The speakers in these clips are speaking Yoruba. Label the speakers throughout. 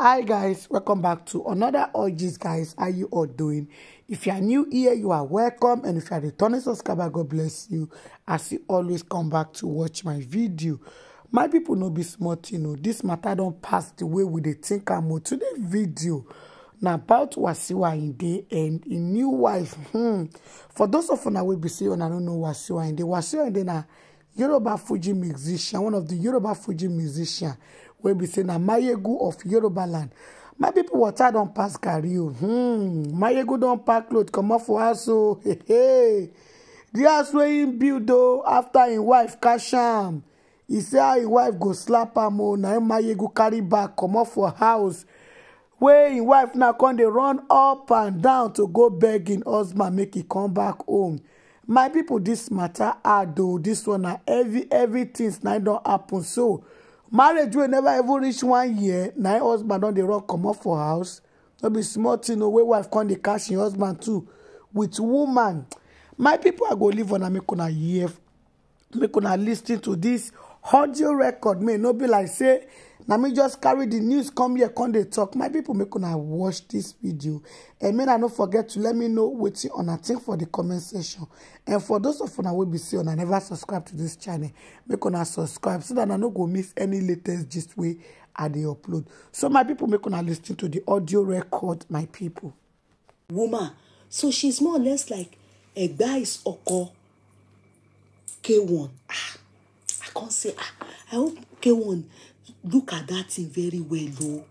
Speaker 1: hi guys welcome back to another orgies guys how you all doing if you are new here you are welcome and if you are returning subscriber god bless you as you always come back to watch my video my people no be smart, you know. this matter don't pass the way with dey think am oh. today video Now about wasiwa in day and a e new wife hmm. for those of you una will be say I don't know wasiwa Wasiu wasiwa Wasiu Ayinde na Yoruba Fuji musician one of the Yoruba Fuji musician wey be say na mayegu of yoruba land my pipo water don pass carry o hmm mayegu don pack cloth comot for house o hey hey di house wey im build o after im wife catch am e say how im wife go slap am o na im mayegu carry back comot for house wey im wife now Con dey run up and down to go beg im husband make e come back home my pipo dis mata hard o dis one na heavy heavy tins na don happen so marriage wey never even reach one year na im husband don dey run comot for house no be small thing o wey wife come dey catch im husband too with woman my people i go leave on make una hear make una lis ten to this audio record may no be like say na me just carry the news come here come dey talk my people, make una watch this video and may i no forget to let me know wetin una think for the comment section and for those of una wey be say una never subscribe to this channel make una subscribe so that una no go miss any latest gist wey i dey upload so my people, make una listen to the audio record my people, woman so she's more or less like egba is oko k1
Speaker 2: ah i can't say ah i hope k1 look at that thing very well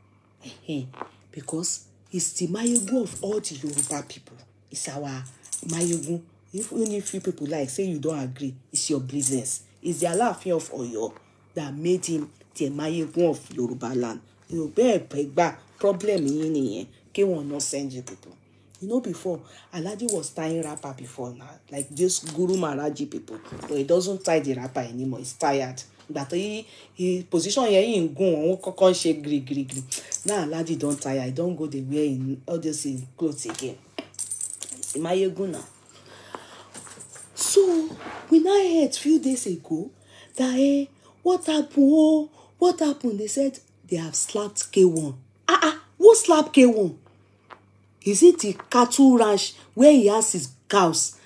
Speaker 2: o because it's the mayegun of all the Yoruba people it's our mayegun if only few people like say you don agree it's your business it's the Aláàfin of Ọ̀yọ́ that made him the mayegun of Yoruba land Yoruba ẹ̀pẹ́ gbà problem yín nìyẹn kí wọ́n no send you people. You know, before Aladi was tying rapper before now, like this Guru Maharaji people, but he doesn't tie the rapper anymore. He's tired. That he, he position here in gun on shake gree gree gree. Now Aladi don't tie. I don't go the wear in all this in clothes again. my now. So we now heard few days ago that hey, eh, what happened? Oh, what happened? They said they have slapped K1. Ah ah, who slapped K1? is it the cattle ranch where he has his cows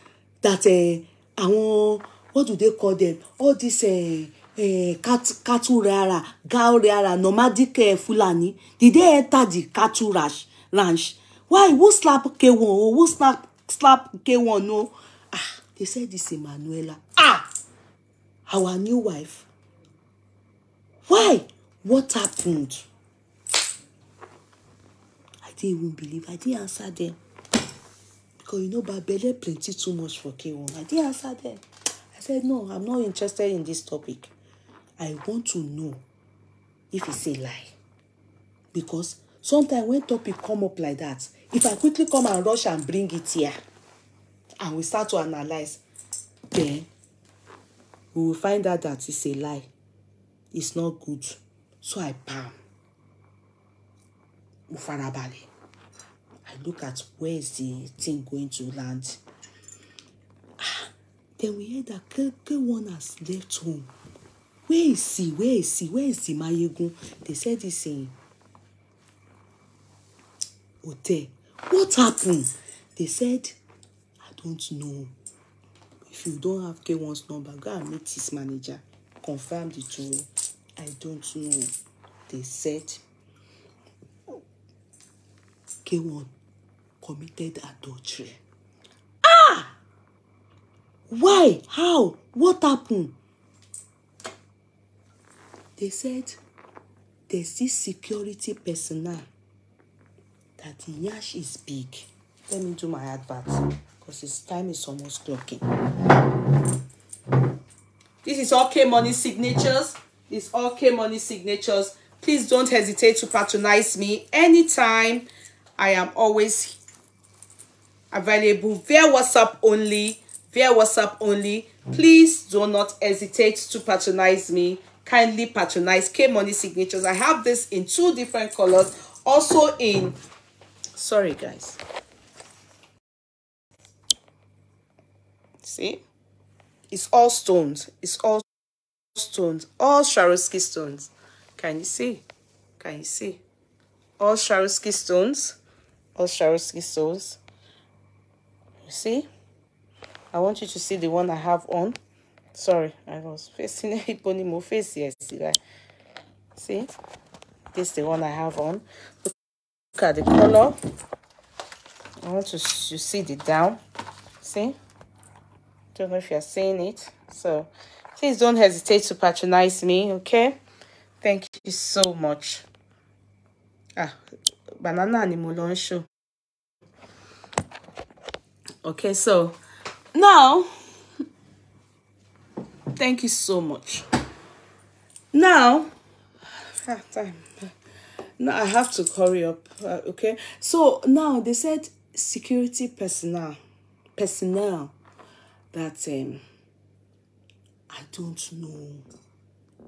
Speaker 2: that eh, àwọn uh, what do they call them all this uh, eh, uh, eh, cat, cattle reara cow reara nomadic uh, fulani did they enter the cattle ranch ranch why who slap k1 o who slap slap k1 No, ah they said this Emmanuela ah our new wife why what happened they won't believe. I didn't answer them. Because you know, Babele plenty too much for K1. I didn't answer them. I said, no, I'm not interested in this topic. I want to know if it's say lie. Because sometimes when topic come up like that, if I quickly come and rush and bring it here, and we start to analyze, then we will find out that it's a lie. It's not good. So I palm. Mo farabalẹ̀. I look at where is the thing going to land. Ah, then we heard that Keke one has left home. Where is he? Where is he? Where is he Mayegun? They said he's in hotel. What happened? They said, I don't know. If you don't have K1's number, go and meet his manager. Confirm the truth. I don't know. They said, K1 committed adultery. Ah! Why? How? What happened? They said there's this security personnel that the yash is big. Let me do my advert because his time is almost clocking. This is OK Money Signatures. This is OK Money Signatures. Please don't hesitate to patronize me anytime. I am always available via WhatsApp only, via WhatsApp only. Please do not hesitate to patronize me. Kindly patronize K Money Signatures. I have this in two different colors. Also in, sorry guys. See? It's all stones. It's all stones. All Swarovski stones. Can you see? Can you see? All Swarovski stones. All Swarovski stones you see i want you to see the one i have on sorry i was facing a pony more face yes see that see this is the one i have on look at the color i want to you see the down see don't know if you're seeing it so please don't hesitate to patronize me okay thank you so much ah banana animal on show okay so now thank you so much now ah, time now i have to hurry up uh, okay so now they said security personnel personnel that um i don't know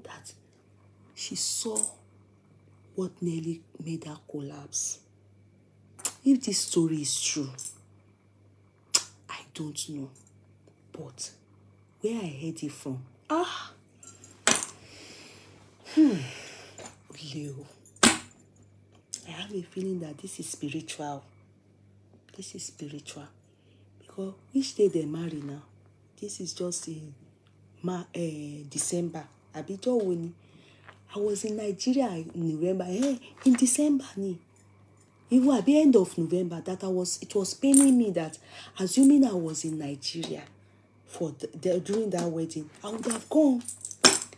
Speaker 2: that she saw what nearly made her collapse if this story is true don't know. But where I heard it from, ah, hmm, Leo. I have a feeling that this is spiritual. This is spiritual. Because which day they marry now? This is just in Ma uh, December. Abijọ́ told when I was in Nigeria in November. Hey, eh, in December ni even at the end of november that i was it was paining me that assuming i was in nigeria for the, the, during that wedding i would have gone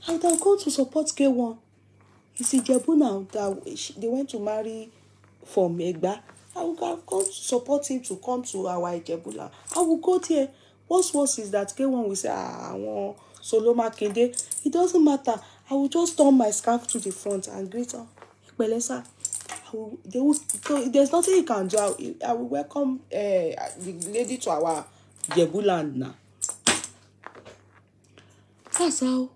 Speaker 2: i would have gone to support k1 see, ijebu now that she, they went to marry from egba i would have gone to support him to come to our ijebu now i would go there what's worse is that k1 will say ah I àwọn soloma kinde it doesn't matter i will just turn my scarf to the front and greet her ẹ they will, there's nothing you can do. I, I will welcome uh, the lady to our Jebu land now. That's how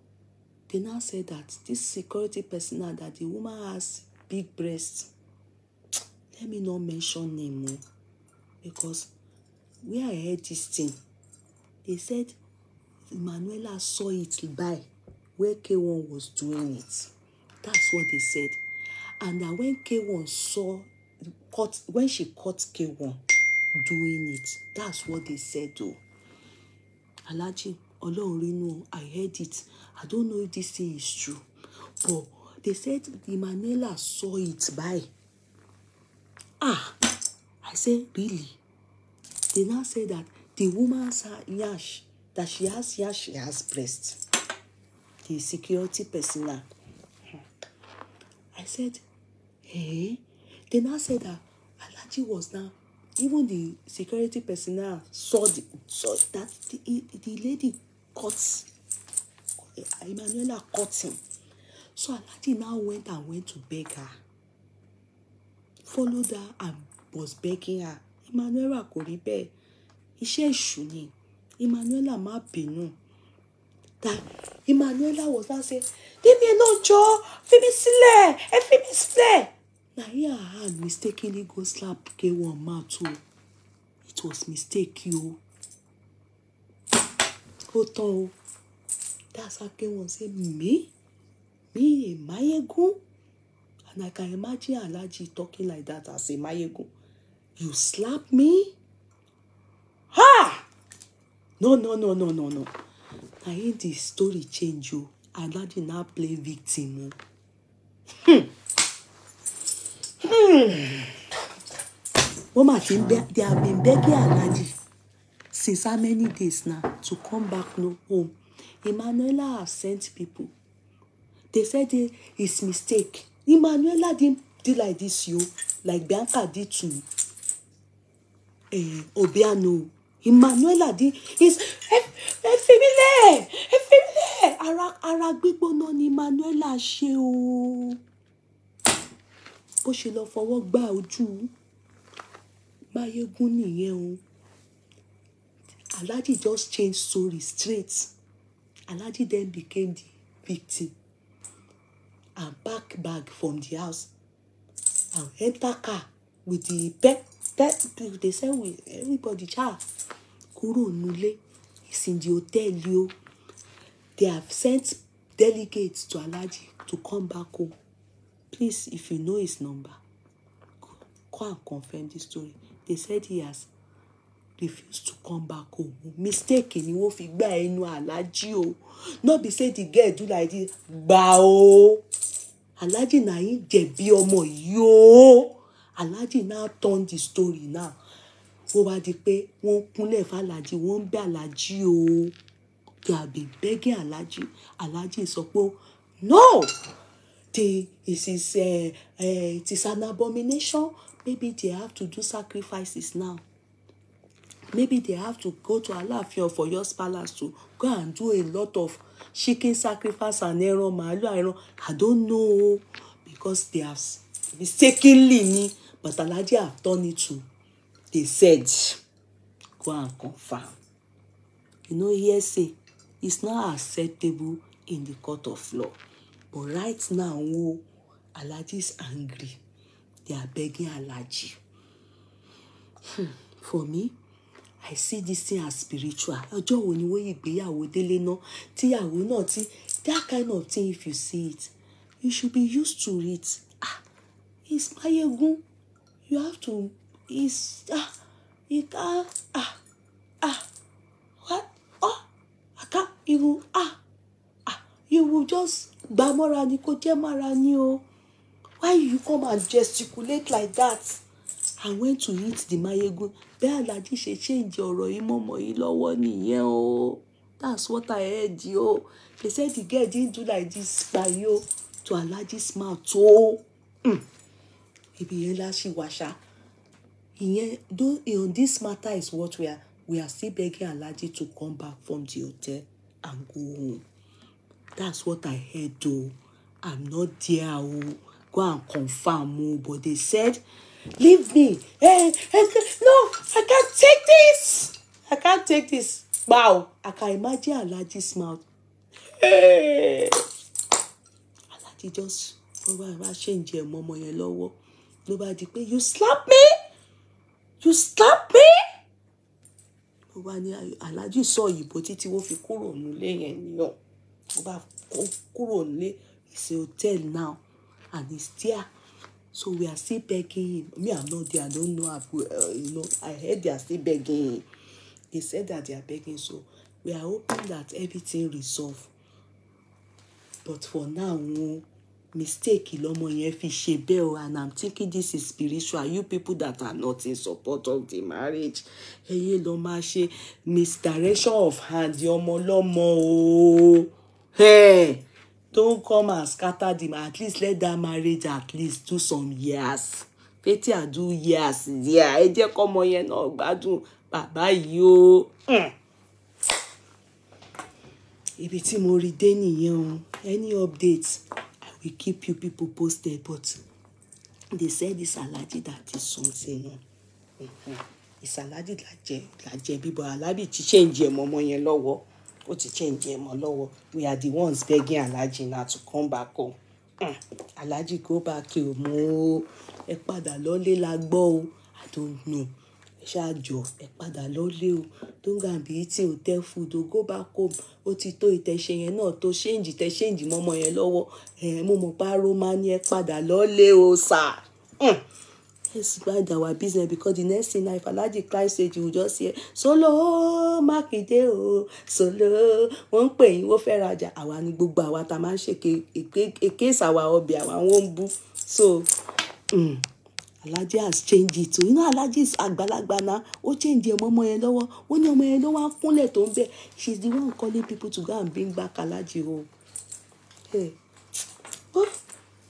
Speaker 2: they now say that this security personnel that the woman has big breasts. Let me not mention name more because where I heard this thing, they said Manuela saw it by where K1 was doing it. That's what they said. And that when K1 saw, cut when she caught K1 doing it, that's what they said though. Alaji, Olorinu, I heard it. I don't know if this thing is true. But they said the Manila saw it by. Ah, I said, really? They now say that the woman's yash, that she has yash, she has breast. The security personnel. Hmm. I said, Eh? They now said that Alaji was now, even the security personnel saw, the, saw that the, the lady cut, Emanuela cut him. So Alaji now went and went to beg her. Followed her and was begging her. Emanuela kò rí bẹ́ẹ̀. Iṣẹ́ èṣù ni. Emanuela má bínú. That Emanuela was now saying, Leave me alone, jọ̀ọ́. Fi mí sílẹ̀. Ẹ fi mí Now here her hand mistakenly go slap k1 mouth too. it was mistake yo. ó tán that's how k1 say me me Emayegun and I can imagine Alaji talking like that as Emayegun you slap me ha no no no no no no na him the story change o Alhaji now play victim o. Hmm. Hmm. wọ́n mà they have been begging Alhaji since how many days now to come back no home Emmanuela have sent people they said they, it's mistake Emmanuela didn't do like this yo like Bianca did to eh, Obiano Emmanuela did is ẹ fi mí lẹ̀ ẹ fi mí she ara bó ṣe lọ fọwọ́ gbá ojú máyégún nìyẹn o alhaji just change story straight alhaji then became the victim and pack bag from the house and enter car with the pep pep they sell with everybody child kúrò nílé is in the hotel o they have sent delegates to alhaji to come back home Please, if you know his number, go and confirm the story. They said he has refused to come back home. Mistake ni wọ́n fi gba ẹnu Alhaji o. No be say the girl do like this. Gbà o. Alhaji na him jẹ̀bi ọmọ yìí o. Alhaji now turn the story now. Ó wá di pé wọ́n kúnlẹ̀ fàlàjì wọ́n ń bẹ Alhaji o. They have been begging Alhaji. Alhaji sọ pé no they it is uh, uh, it is an abomination maybe they have to do sacrifices now maybe they have to go to alaafin for your palace to go and do a lot of chicken sacrifice and ẹran màálù ẹran i don't know because they have mistakenly ni but alhaji have done it to. they said go and confirm you know hearsay is not acceptable in the court of law But right now, oh, Alhaji is angry. They are begging Alaji Hmm. For me, I see this thing as spiritual. Ọjọ́ wo ni wọ́n ìgbéyàwó délé náà tíyàwó náà tí that kind of thing if you see it you should be used to it. Ah, it's Mayegun. You have to it's ah It ah ah ah what oh I can't even ah ah you will just gbà mọ́ra ni kò jẹ́ mọ́ra ni o why you come and gesticulate like that I went to eat the mayegun bẹ́ẹ̀ alájí ṣe ṣéǹjẹ ọ̀rọ̀ yìí mọ́mọ́ yìí lọ́wọ́ nìyẹn o that's what I heard o they said the girl didn't do like this by gbayo to alaji's mouth o hmm. ibi yẹn láṣì wàṣà ìyẹn though on this matter is what we are we are still begging alaji to come back from the hotel and go home that's what I heard though. I'm not there o go and confirm o but they said leave me Hey, eh, eh, hey! no I can't take this I can't take this wow I can imagine Alhaji's mouth hey. Eh. Alhaji just ọwọ́ ara ṣe ń jẹ ẹ̀mọ́ ọmọ yẹn lọ́wọ́ ló you slap me you slap me ó wá ní aláàjì sọ òyìnbó títí wọ́n fi kúrò nílé yẹn ni ọ́ ó bá kúrò nílé he's a hotel now and he's there so we are still begging him me i'm not there i don't know if uh, you know i heard they are still begging him they said that they are begging so we are hoping that everything resolve but for now wọn mistake lọmọ yẹn fi ṣe bẹ́ẹ̀ o and i'm thinking this is spiritual you people that are not in support of the marriage ẹ̀yin lọ máa ṣe misdirection of hand ọmọ lọ́mọ o hey, don't come and scatter them at least let that marriage at least do some years pété do years díà ẹ jẹ́ come, yẹn náà gbádùn bàbá bye o hmm. ibi tí mo rí dé nìyẹn any updates, i will keep you people posted but they said this allergy that is something ìsàlájì like làjẹ bíbọ alábì ti ṣe ń jẹ mọmọ yẹn lọ́wọ́ ó ti change ẹ̀ mọ́ lọ́wọ́ we are the ones begging alhaji now to come back home mm. alhaji go back home o ẹ padà lọ́lé la gbọ́ o i don't know ṣáàjọ ẹ padà lọ́lé o don't go and be eating hotel food o go back home ó ti tó ìtẹ̀ṣe yẹn náà tó ṣéǹjì tẹ ṣéǹjì mọ́mọ́ yẹn lọ́wọ́ ẹ̀ mo mọ̀ pé aroma ni ẹ padà lọ́lé o sà let's mind our business because the next thing na if Alhaji climb stage you will just hear solo makide o solo wọ́n ń pè yín wọ́n fẹ́ rajà ni gbogbo àwa tá a máa ń ṣe èké ìsàwà ọbẹ̀ àwa wọ́n ń so. um, mm, Alaji has changed it So you know Alaji is àgbàlagbà na ó change your mama yẹn lọ́wọ́ ó ní ọmọ yẹn ló wá fúnlẹ̀ tó ń bẹ̀ she the one calling people to go and bring back Alaji. o. Hey. Oh.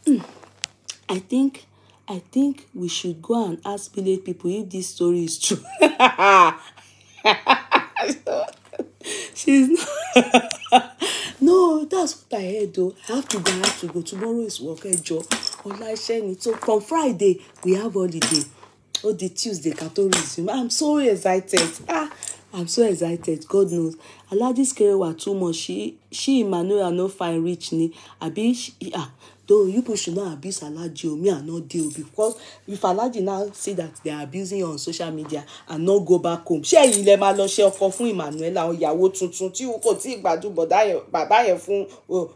Speaker 2: Mm, I think I think we should go and ask village people if this story is true. She's not. no, that's what I heard though. I have to go, I have to go. Tomorrow is work, ẹ jọ̀ọ́. Ọlá iṣẹ́ ni. So from Friday, we have holiday. Oh, the Tuesday, Catholicism. I'm so excited. Ah, I'm so excited. God knows. Alhaji Skerewa too much. She, she Emmanuel no fine reach ni. Abi, she, ah, though you people should not abuse Alhaji Omi and not deal because if Alhaji now say that they are abusing you on social media and not go back home ṣé ẹ̀yin lẹ máa lọ ṣe ọkọ fún Emmanuel àwọn ìyàwó tuntun tí kò tí ì gbádùn bàbá yẹn fún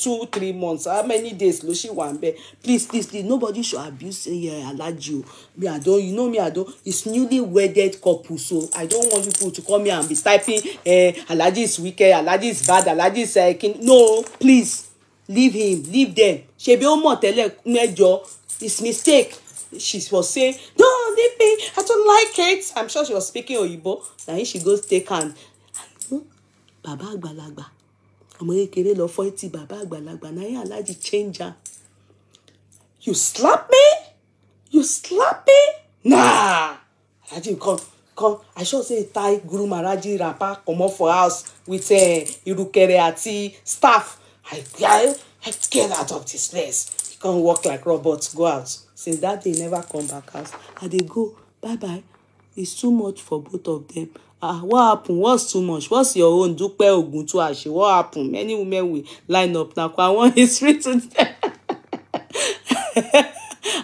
Speaker 2: two three months how many days ló ṣì wà ń please please please nobody should abuse uh, Alhaji o me I don you know me I don it's newly wedded couple so I don't want people to come here and be typing uh, Alhaji is wicked Alhaji is bad Alhaji is uh, eh, king no please leave him leave them ṣebí ó mọ̀ tẹ́lẹ̀ mẹ́jọ his mistake she was saying don't leave me i don't like it i'm sure she was speaking oyibo na him she go take hand bàbá àgbàlagbà ọmọ kékeré lọ fọ́ etí bàbá àgbàlagbà náà yẹn aláàjì change am you slap me you slap me nah aláàjì nǹkan kan i sure say tie guru maharaji wrapper comot for house with uh, irukere staff I, I, I get out of this place. You can't walk like robots, go out. Since that day, never come back out. And they go, bye-bye. It's too much for both of them. Ah, what happened? What's too much? What's your own? Dupe Ogun to Ashi. What happened? Many women will line up now. I want his to them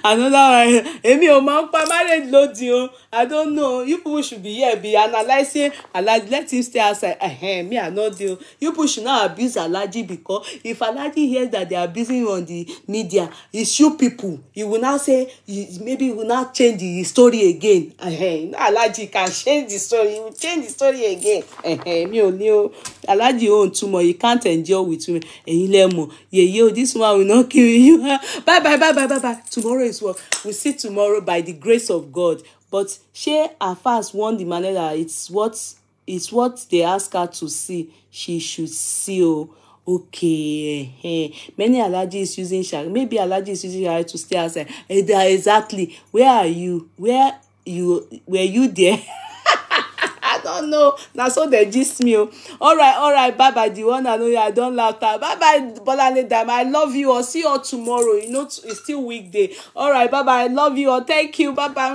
Speaker 2: another one èmi ò mọ̀ ń pa marriage lòdì o i don't know you people should be here be analysing alaji let him stay outside uh-huh, me i no dey o you people should not abuse alaji because if alaji hears that they are abusing on the media it's you people he will now say he, maybe he will now change the story again uh-huh, alaji can change the story he will change the story again uh-huh, mi ò ní o alaji own too much you can't endure with me ẹ̀yin lẹ́mọ̀ yeye o this one will not kill you bye bye bye bye bye bye tomorrow is what we'll see tomorrow by the grace of God. But she Afas won the Manela. It's what it's what they ask her to see. She should see. Oh, okay. Many allergies using Shari. Maybe allergies using her to stay outside. Eh, exactly. Where are you? Where you were you there? don't know na so they gist me o alright alright bye bye the one I know, i don't laugh that. bye bye bolale dam i love you I'll see you all tomorrow you know it's still weekday All right, bye bye i love you all thank you bye bye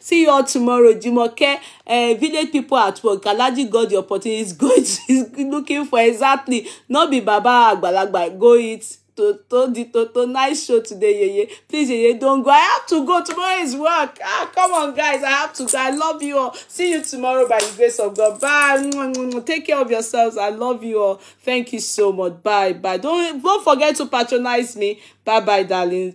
Speaker 2: see you all tomorrow jumoke uh, eh, village people at work alaji got the opportunity he's going he's looking for exactly Not be baba agbalagba go eat. Toto di Toto nice show today, Yeye. Please, Yeye, don't go. I have to go. Tomorrow is work. Ah, come on, guys. I have to go. I love you all. See you tomorrow by the grace of God. Bye. Take care of yourselves. I love you all. Thank you so much. Bye. Bye. Don't don't forget to patronize me. Bye bye, darling.